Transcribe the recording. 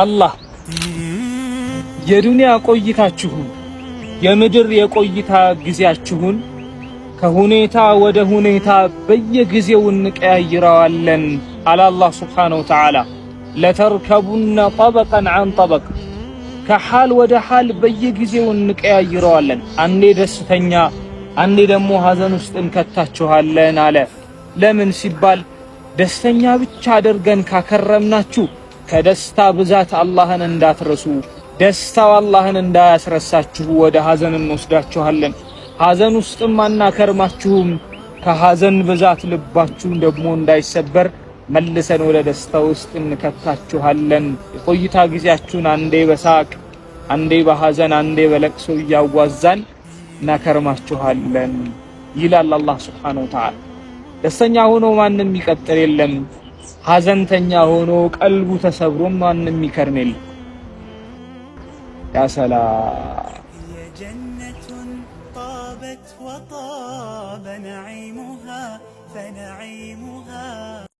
አላህ የዱንያ ቆይታችሁን የምድር የቆይታ ጊዜያችሁን ከሁኔታ ወደ ሁኔታ በየጊዜው እንቀያይረዋለን አለ አላህ ስብሓነሁ ወተዓላ። ለተርከቡና ጠበቀን አን ጠበቅ፣ ከሓል ወደ ሓል በየጊዜው እንቀያይረዋለን። አንዴ ደስተኛ፣ አንዴ ደግሞ ሐዘን ውስጥ እንከታችኋለን አለ። ለምን ሲባል ደስተኛ ብቻ አድርገን ካከረምናችሁ ከደስታ ብዛት አላህን እንዳትረሱ፣ ደስታው አላህን እንዳያስረሳችሁ ወደ ሐዘን እንወስዳችኋለን። ሐዘን ውስጥም አናከርማችሁም። ከሐዘን ብዛት ልባችሁን ደግሞ እንዳይሰበር መልሰን ወደ ደስታ ውስጥ እንከታችኋለን። የቆይታ ጊዜያችሁን አንዴ በሳቅ አንዴ በሐዘን አንዴ በለቅሶ እያዋዛን እናከርማችኋለን ይላል አላህ ሱብሓነሁ ወተዓላ። ደስተኛ ሆኖ ማንም ይቀጥል የለም። ሀዘንተኛ ሆኖ ቀልቡ ተሰብሮ ማንም የሚከርን የለም። ያ